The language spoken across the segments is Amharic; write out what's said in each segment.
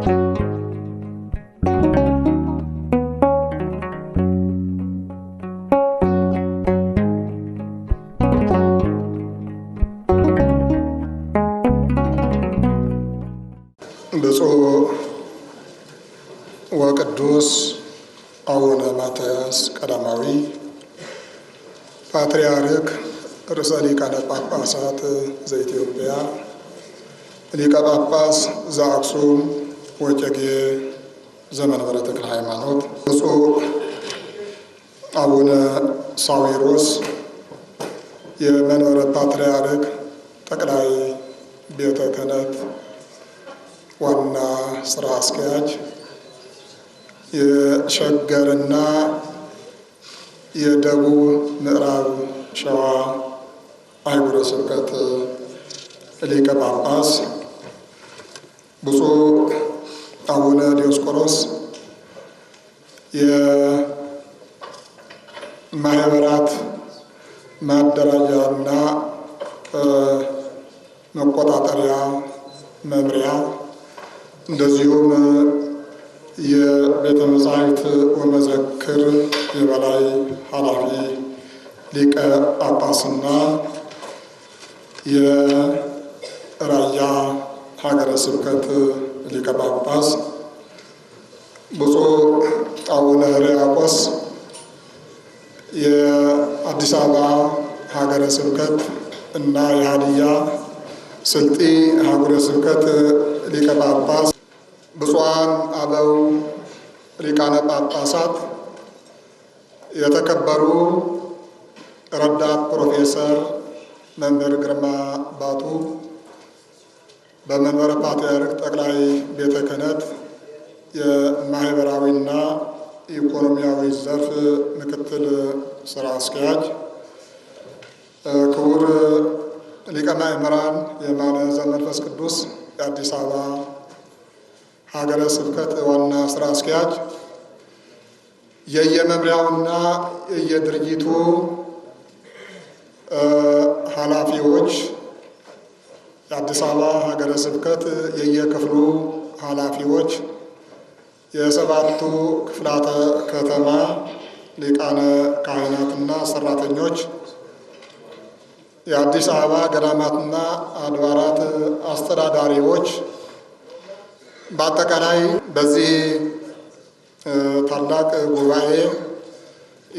ብፁዕ ወቅዱስ አቡነ ማትያስ ቀዳማዊ ፓትርያርክ ርዕሰ ሊቃነ ጳጳሳት ዘኢትዮጵያ ሊቀ ጳጳስ ዘአክሱም ወጨጌ ዘመንበረ ተክለ ሃይማኖት፣ ብፁዕ አቡነ ሳዊሮስ የመንበረ ፓትርያርክ ጠቅላይ ቤተ ክህነት ዋና ስራ አስኪያጅ፣ የሸገርና የደቡብ ምዕራብ ሸዋ አህጉረ ስብከት ሊቀ ጳጳስ ብፁዕ አቡነ ዲዮስቆሮስ የማህበራት ማደራጃና መቆጣጠሪያ መምሪያ እንደዚሁም የቤተ መጻሕፍት ወመዘክር የበላይ ኃላፊ ሊቀ ጳጳስና የራያ ሀገረ ስብከት ሊቀ ጳጳስ፣ ብፁዕ አቡነ ሕርያቆስ የአዲስ አበባ ሀገረ ስብከት እና የሀዲያ ስልጢ ሀገረ ስብከት ሊቀ ጳጳስ፣ ብፁዓን አበው ሊቃነ ጳጳሳት፣ የተከበሩ ረዳት ፕሮፌሰር መምህር ግርማ ባቱ በመንበረ ፓትርያርክ ጠቅላይ ቤተ ክህነት የማህበራዊና ኢኮኖሚያዊ ዘርፍ ምክትል ስራ አስኪያጅ ክቡር ሊቀ ማእምራን የማነ ዘመንፈስ ቅዱስ የአዲስ አበባ ሀገረ ስብከት ዋና ስራ አስኪያጅ፣ የየመምሪያውና የየድርጅቱ ኃላፊዎች የአዲስ አበባ ሀገረ ስብከት የየክፍሉ ኃላፊዎች፣ የሰባቱ ክፍላተ ከተማ ሊቃነ ካህናትና ሰራተኞች፣ የአዲስ አበባ ገዳማትና አድባራት አስተዳዳሪዎች በአጠቃላይ በዚህ ታላቅ ጉባኤ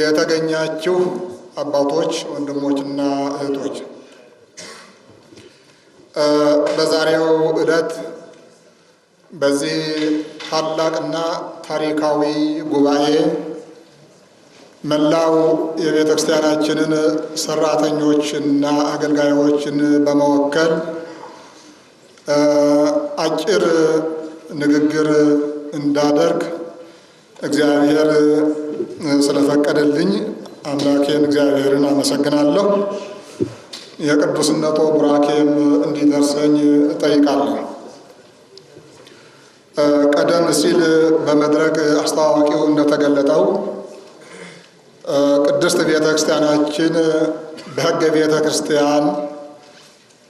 የተገኛችሁ አባቶች፣ ወንድሞችና እህቶች በዛሬው ዕለት በዚህ ታላቅና ታሪካዊ ጉባኤ መላው የቤተ ክርስቲያናችንን ሰራተኞችና አገልጋዮችን በመወከል አጭር ንግግር እንዳደርግ እግዚአብሔር ስለፈቀደልኝ አምላኬን እግዚአብሔርን አመሰግናለሁ። የቅዱስነቶ ቡራኬም እንዲደርሰኝ እጠይቃለሁ። ቀደም ሲል በመድረክ አስተዋዋቂው እንደተገለጠው ቅድስት ቤተ ክርስቲያናችን በሕገ ቤተ ክርስቲያን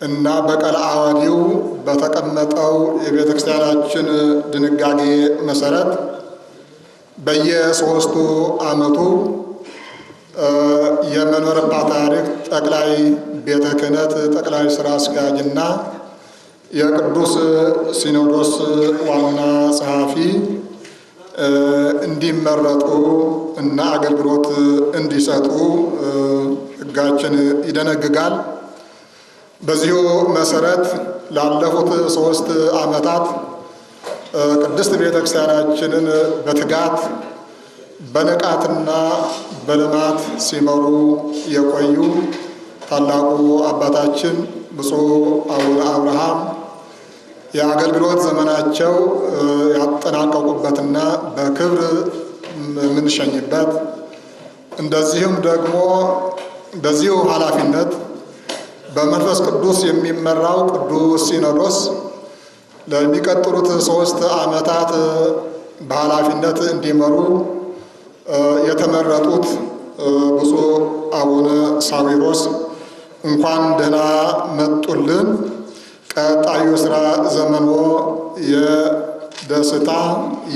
እና በቃለ ዓዋዲው በተቀመጠው የቤተ ክርስቲያናችን ድንጋጌ መሰረት በየሶስቱ ዓመቱ የመንበረ ፓትርያርክ ጠቅላይ ቤተ ክህነት ጠቅላይ አስኪያጅ አስኪያጅና የቅዱስ ሲኖዶስ ዋና ጸሐፊ እንዲመረጡ እና አገልግሎት እንዲሰጡ ሕጋችን ይደነግጋል። በዚሁ መሰረት ላለፉት ሶስት ዓመታት ቅድስት ቤተ ክርስቲያናችንን በትጋት በንቃትና በልማት ሲመሩ የቆዩ ታላቁ አባታችን ብፁዕ አቡነ አብርሃም የአገልግሎት ዘመናቸው ያጠናቀቁበትና በክብር የምንሸኝበት እንደዚህም ደግሞ በዚሁ ኃላፊነት በመንፈስ ቅዱስ የሚመራው ቅዱስ ሲኖዶስ ለሚቀጥሉት ሶስት ዓመታት በኃላፊነት እንዲመሩ የተመረጡት ብፁዕ አቡነ ሳዊሮስ እንኳን ደህና መጡልን። ቀጣዩ ስራ ዘመኖ የደስታ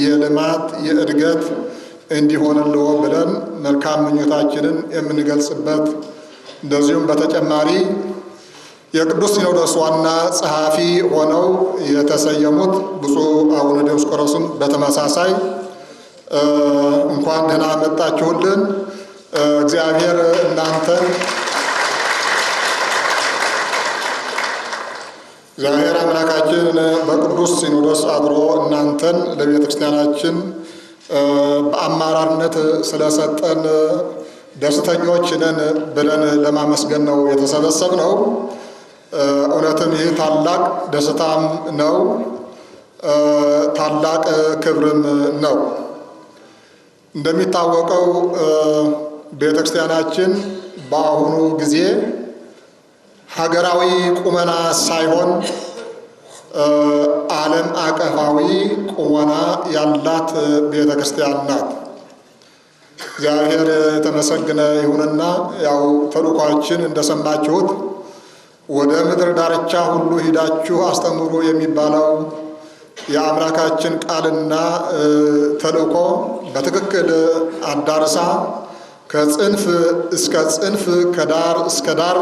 የልማት የእድገት እንዲሆንልዎ ብለን መልካም ምኞታችንን የምንገልጽበት እንደዚሁም በተጨማሪ የቅዱስ ሲኖዶስ ዋና ጸሐፊ ሆነው የተሰየሙት ብፁዕ አቡነ ዲዮስቆሮስም በተመሳሳይ እንኳን ደህና መጣችሁልን። እግዚአብሔር እናንተን እግዚአብሔር አምላካችን በቅዱስ ሲኖዶስ አድሮ እናንተን ለቤተ ክርስቲያናችን በአማራርነት ስለሰጠን ደስተኞች ነን ብለን ለማመስገን ነው የተሰበሰብ ነው። እውነትም ይህ ታላቅ ደስታም ነው፣ ታላቅ ክብርም ነው። እንደሚታወቀው ቤተ ክርስቲያናችን በአሁኑ ጊዜ ሀገራዊ ቁመና ሳይሆን ዓለም አቀፋዊ ቁመና ያላት ቤተ ክርስቲያን ናት። እግዚአብሔር የተመሰገነ ይሁንና ያው ተልኳችን እንደሰማችሁት ወደ ምድር ዳርቻ ሁሉ ሂዳችሁ አስተምሩ የሚባለው የአምላካችን ቃልና ተልእኮ በትክክል አዳርሳ ከጽንፍ እስከ ጽንፍ ከዳር እስከ ዳር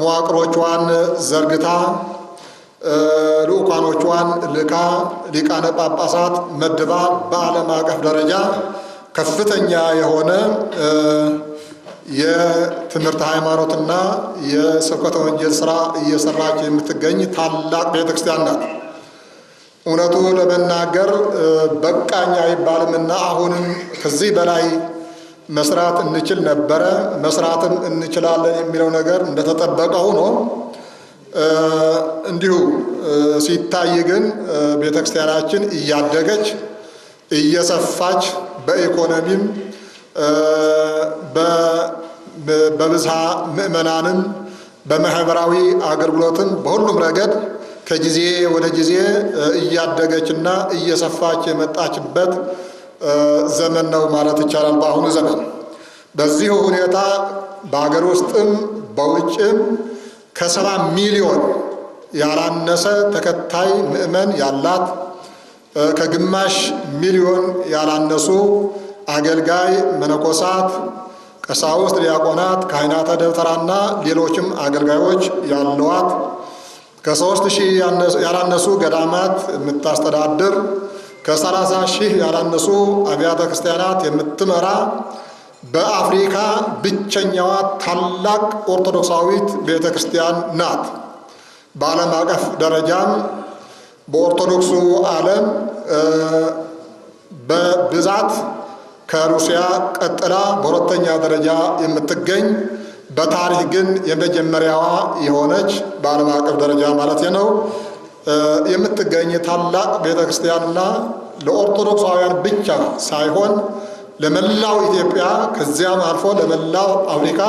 መዋቅሮቿን ዘርግታ ልዑካኖቿን ልካ ሊቃነ ጳጳሳት መድባ በዓለም አቀፍ ደረጃ ከፍተኛ የሆነ የትምህርት ሃይማኖትና የስብከተ ወንጌል ስራ እየሰራች የምትገኝ ታላቅ ቤተክርስቲያን ናት። እውነቱ ለመናገር በቃኝ አይባልምና አሁንም ከዚህ በላይ መስራት እንችል ነበረ፣ መስራትም እንችላለን የሚለው ነገር እንደተጠበቀ ሆኖ እንዲሁ ሲታይ ግን ቤተክርስቲያናችን እያደገች እየሰፋች በኢኮኖሚም በብዝሃ ምእመናንም በማህበራዊ አገልግሎትም በሁሉም ረገድ ከጊዜ ወደ ጊዜ እያደገችና እየሰፋች የመጣችበት ዘመን ነው ማለት ይቻላል። በአሁኑ ዘመን በዚሁ ሁኔታ በሀገር ውስጥም በውጭም ከሰባ ሚሊዮን ያላነሰ ተከታይ ምዕመን ያላት ከግማሽ ሚሊዮን ያላነሱ አገልጋይ መነኮሳት፣ ቀሳውስት፣ ዲያቆናት፣ ካህናተ ደብተራና ሌሎችም አገልጋዮች ያለዋት ከሶስት ሺህ ያላነሱ ገዳማት የምታስተዳድር ከሰላሳ ሺህ ያላነሱ አብያተ ክርስቲያናት የምትመራ በአፍሪካ ብቸኛዋ ታላቅ ኦርቶዶክሳዊት ቤተ ክርስቲያን ናት። በዓለም አቀፍ ደረጃም በኦርቶዶክሱ ዓለም በብዛት ከሩሲያ ቀጥላ በሁለተኛ ደረጃ የምትገኝ በታሪክ ግን የመጀመሪያዋ የሆነች በዓለም አቀፍ ደረጃ ማለት ነው የምትገኝ ታላቅ ቤተክርስቲያንና ለኦርቶዶክሳውያን ብቻ ሳይሆን ለመላው ኢትዮጵያ ከዚያም አልፎ ለመላው አፍሪካ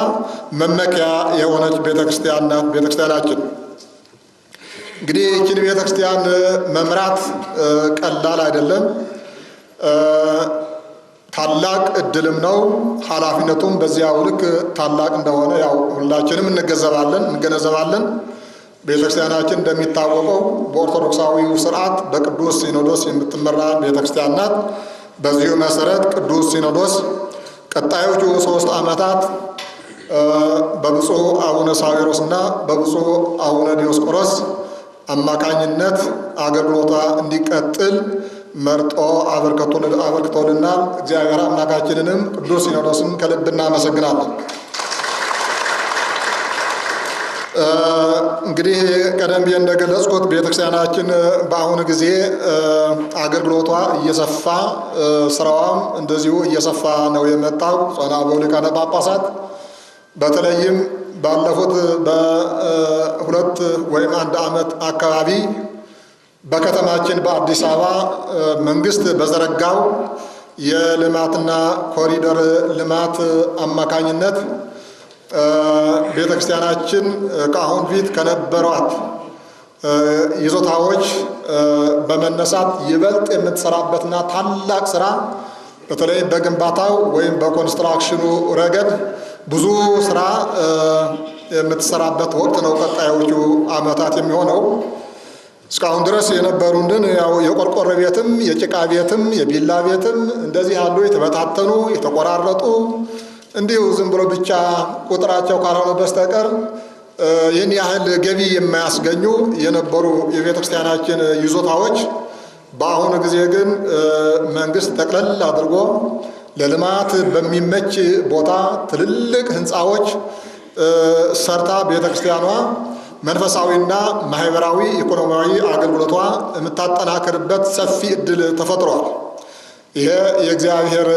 መመኪያ የሆነች ቤተ ናት እንግዲህ ይችን ቤተክርስቲያን መምራት ቀላል አይደለም። ታላቅ እድልም ነው። ኃላፊነቱም በዚያው ልክ ታላቅ እንደሆነ ያው ሁላችንም እንገዘባለን እንገነዘባለን ቤተክርስቲያናችን እንደሚታወቀው በኦርቶዶክሳዊው ስርዓት በቅዱስ ሲኖዶስ የምትመራ ቤተክርስቲያን ናት። በዚሁ መሰረት ቅዱስ ሲኖዶስ ቀጣዮቹ ሶስት ዓመታት በብፁዕ አቡነ ሳዊሮስ እና በብፁዕ አቡነ ዲዮስቆሮስ አማካኝነት አገልግሎቷ እንዲቀጥል መርጦ አበርክቶልናል። እግዚአብሔር አምላካችንንም ቅዱስ ሲኖዶስን ከልብ እናመሰግናለን። እንግዲህ ቀደም ብዬ እንደገለጽኩት ቤተክርስቲያናችን በአሁኑ ጊዜ አገልግሎቷ እየሰፋ ስራዋም እንደዚሁ እየሰፋ ነው የመጣው። ጸና ሊቃነ ጳጳሳት በተለይም ባለፉት በሁለት ወይም አንድ ዓመት አካባቢ በከተማችን በአዲስ አበባ መንግስት በዘረጋው የልማትና ኮሪደር ልማት አማካኝነት ቤተክርስቲያናችን ከአሁን ፊት ከነበሯት ይዞታዎች በመነሳት ይበልጥ የምትሰራበትና ታላቅ ስራ በተለይ በግንባታው ወይም በኮንስትራክሽኑ ረገድ ብዙ ስራ የምትሰራበት ወቅት ነው ቀጣዮቹ አመታት የሚሆነው። እስካሁን ድረስ የነበሩንን ያው የቆርቆሮ ቤትም የጭቃ ቤትም የቢላ ቤትም እንደዚህ ያሉ የተበታተኑ የተቆራረጡ እንዲሁ ዝም ብሎ ብቻ ቁጥራቸው ካልሆነ በስተቀር ይህን ያህል ገቢ የማያስገኙ የነበሩ የቤተ ክርስቲያናችን ይዞታዎች በአሁኑ ጊዜ ግን መንግስት ጠቅለል አድርጎ ለልማት በሚመች ቦታ ትልልቅ ህንፃዎች ሰርታ ቤተ ክርስቲያኗ መንፈሳዊና ማህበራዊ ኢኮኖሚያዊ አገልግሎቷ የምታጠናክርበት ሰፊ እድል ተፈጥሯል። ይሄ የእግዚአብሔር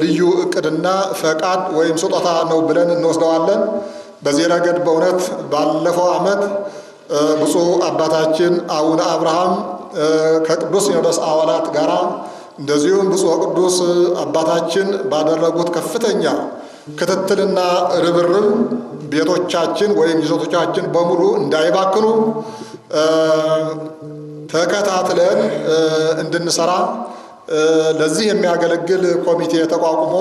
ልዩ እቅድና ፈቃድ ወይም ስጦታ ነው ብለን እንወስደዋለን። በዚህ ረገድ በእውነት ባለፈው ዓመት ብፁዕ አባታችን አቡነ አብርሃም ከቅዱስ ሲኖዶስ አባላት ጋር እንደዚሁም ብፁዕ ቅዱስ አባታችን ባደረጉት ከፍተኛ ክትትልና ርብርብ ቤቶቻችን ወይም ይዞቶቻችን በሙሉ እንዳይባክኑ ተከታትለን እንድንሰራ ለዚህ የሚያገለግል ኮሚቴ ተቋቁሞ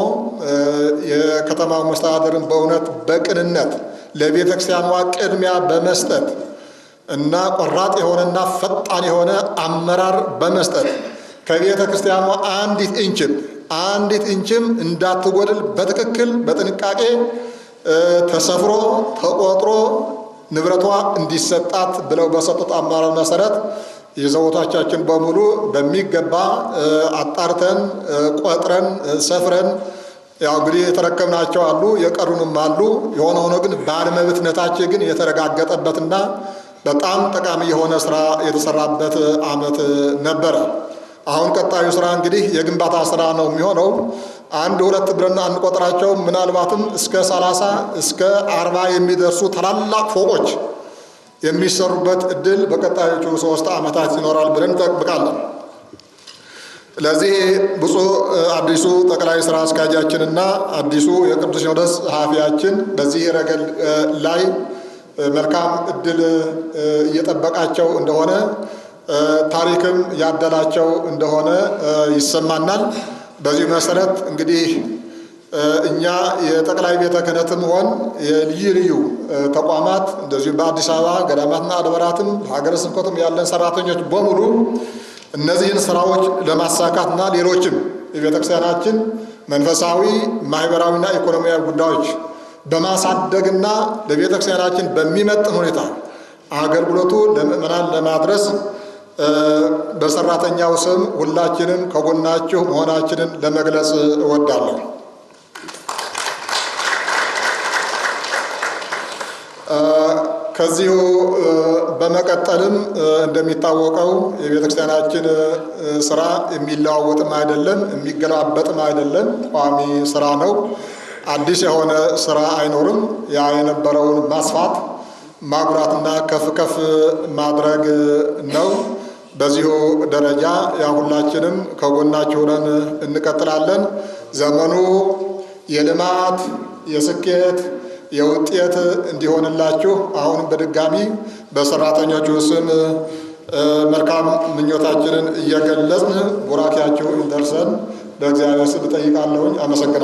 የከተማ መስተዳደርን በእውነት በቅንነት ለቤተ ክርስቲያኗ ቅድሚያ በመስጠት እና ቆራጥ የሆነና ፈጣን የሆነ አመራር በመስጠት ከቤተ ክርስቲያኗ አንዲት እንችም አንዲት እንችም እንዳትጎድል በትክክል በጥንቃቄ ተሰፍሮ ተቆጥሮ ንብረቷ እንዲሰጣት ብለው በሰጡት አመራር መሰረት ይዘውታቻችን በሙሉ በሚገባ አጣርተን ቆጥረን ሰፍረን ያው እንግዲህ የተረከብናቸው አሉ፣ የቀሩንም አሉ። የሆነ ሆኖ ግን ባለመብትነታችን ግን የተረጋገጠበትና በጣም ጠቃሚ የሆነ ስራ የተሰራበት አመት ነበረ። አሁን ቀጣዩ ስራ እንግዲህ የግንባታ ስራ ነው የሚሆነው። አንድ ሁለት ብለን አንቆጥራቸው ምናልባትም እስከ ሰላሳ እስከ አርባ የሚደርሱ ታላላቅ ፎቆች የሚሰሩበት እድል በቀጣዮቹ ሶስት ዓመታት ይኖራል ብለን እንጠብቃለን። ለዚህ ብፁዕ አዲሱ ጠቅላይ ስራ አስኪያጃችንና አዲሱ የቅዱስ ሲኖዶስ ጸሐፊያችን በዚህ ረገድ ላይ መልካም እድል እየጠበቃቸው እንደሆነ ታሪክም ያደላቸው እንደሆነ ይሰማናል። በዚህ መሰረት እንግዲህ እኛ የጠቅላይ ቤተ ክህነትም ሆን የልዩ ልዩ ተቋማት እንደዚሁም በአዲስ አበባ ገዳማትና አድባራትም ሀገረ ስብከቱም ያለን ሰራተኞች በሙሉ እነዚህን ስራዎች ለማሳካትና ሌሎችም የቤተክርስቲያናችን መንፈሳዊ ማህበራዊና ኢኮኖሚያዊ ጉዳዮች በማሳደግና ለቤተክርስቲያናችን በሚመጥን ሁኔታ አገልግሎቱ ለምእመናን ለማድረስ በሰራተኛው ስም ሁላችንም ከጎናችሁ መሆናችንን ለመግለጽ እወዳለሁ። ከዚሁ በመቀጠልም እንደሚታወቀው የቤተክርስቲያናችን ስራ የሚለዋወጥም አይደለም፣ የሚገላበጥም አይደለም። ቋሚ ስራ ነው። አዲስ የሆነ ስራ አይኖርም። ያ የነበረውን ማስፋት ማጉራትና ከፍ ከፍ ማድረግ ነው። በዚሁ ደረጃ ያ ሁላችንም ከጎናችሁ ሆነን እንቀጥላለን። ዘመኑ የልማት የስኬት የውጤት እንዲሆንላችሁ አሁንም በድጋሚ በሰራተኞቹ ስም መልካም ምኞታችንን እየገለጽን ቡራኪያችሁ እንደርሰን በእግዚአብሔር ስም እጠይቃለሁኝ። አመሰግናለሁ።